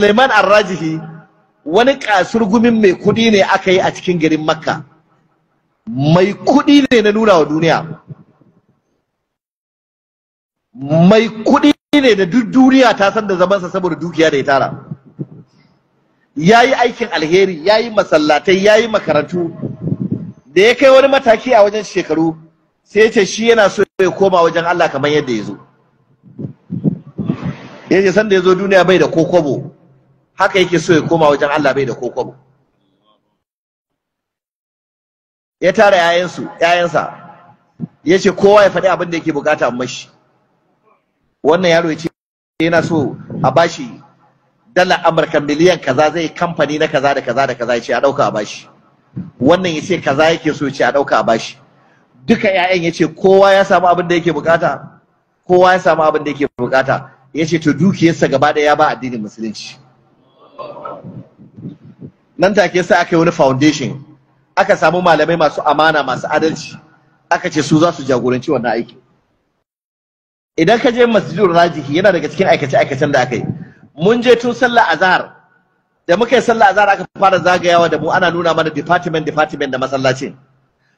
Suleiman Arrajihi wani kasurgumin mai kudi ne aka yi a cikin garin Makka. Mai kudi ne na nuna wa duniya. Mai kudi ne da duk duniya ta san da zamansa saboda dukiya da ya tara. Ya yi aikin alheri, ya yi masallatai, ya yi makarantu. Da ya kai wani mataki a wajen shekaru, sai ya ce shi yana so ya koma wajen Allah kamar yadda ya zo. Ya ce sanda ya zo duniya bai da ko haka yake so ya koma wajen Allah bai da kokobo ya tara yayansu yayansa ya ce kowa ya faɗi abin da yake bukata mashi wannan yaro ya ce yana so a bashi dala amurka miliyan kaza zai kamfani na kaza da kaza da kaza ya ce a ɗauka a bashi wannan ya ce kaza yake so ya ce a ɗauka a bashi duka 'ya'yan ya ce kowa ya samu abin da yake bukata kowa ya samu abin da yake bukata ya ce to dukiyarsa gaba ɗaya ya ba addinin musulunci nan take sai aka yi wani foundation aka samu malamai masu amana masu adalci aka ce su za su jagoranci wannan aiki idan ka je masjidul rajihi yana daga cikin aikace aikacen da aka yi mun je tun sallah azhar da muka yi sallah azhar aka fara zagayawa da mu ana nuna mana department department da masallacin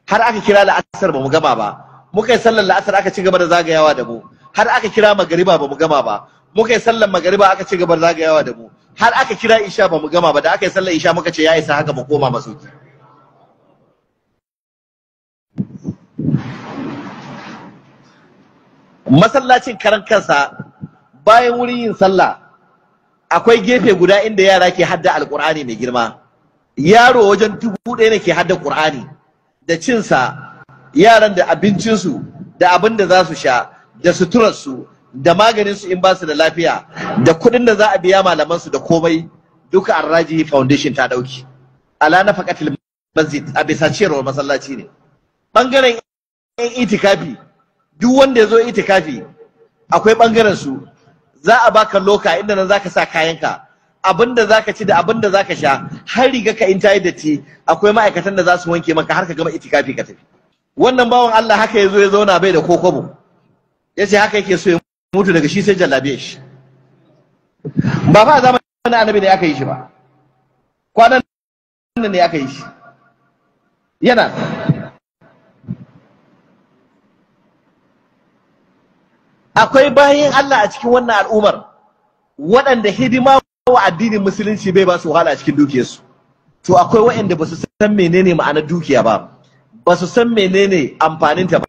har aka kira la'asar ba mu gama ba muka yi sallar la'asar aka ci gaba da zagayawa da mu har aka kira magariba ba mu gama ba muka yi sallar magariba aka ci zagayawa da mu har aka kira isha ba mu gama ba da aka yi sallar isha muka ce ya isa haka mu koma masauki masallacin karan kansa bayan wurin yin sallah akwai gefe guda inda yara ke hadda alkur'ani mai girma yaro wajen dubu ɗaya ne ke hadda ƙur'ani da cinsa yaran da abincinsu da abin da za su sha da suturarsu da maganin su in ba su da lafiya da kuɗin da za a biya malaman su da komai duka Arraji Foundation ta dauki ala faqatil masjid a bisa ciyarwar masallaci ne bangaren yan itikafi duk wanda yazo itikafi akwai bangaren su za a baka loka inda nan zaka sa kayanka abinda zaka ci da abinda zaka sha har riga ka in tayi datti akwai ma'aikatan da za su wanke maka har ka gama itikafi ka tafi wannan bawan Allah haka yazo ya zauna bai da kokobo yace haka yake so ya mutu daga shi sai jallabe shi ba fa zamanin annabi ne aka yi shi ba kwanan nan ne aka yi shi yana akwai bayan Allah a cikin wannan al'umar waɗanda hidima wa addinin musulunci bai ba su wahala a cikin dukiyarsu to akwai waɗanda ba su san menene ma'anar dukiya ba ba su san menene amfaninta ba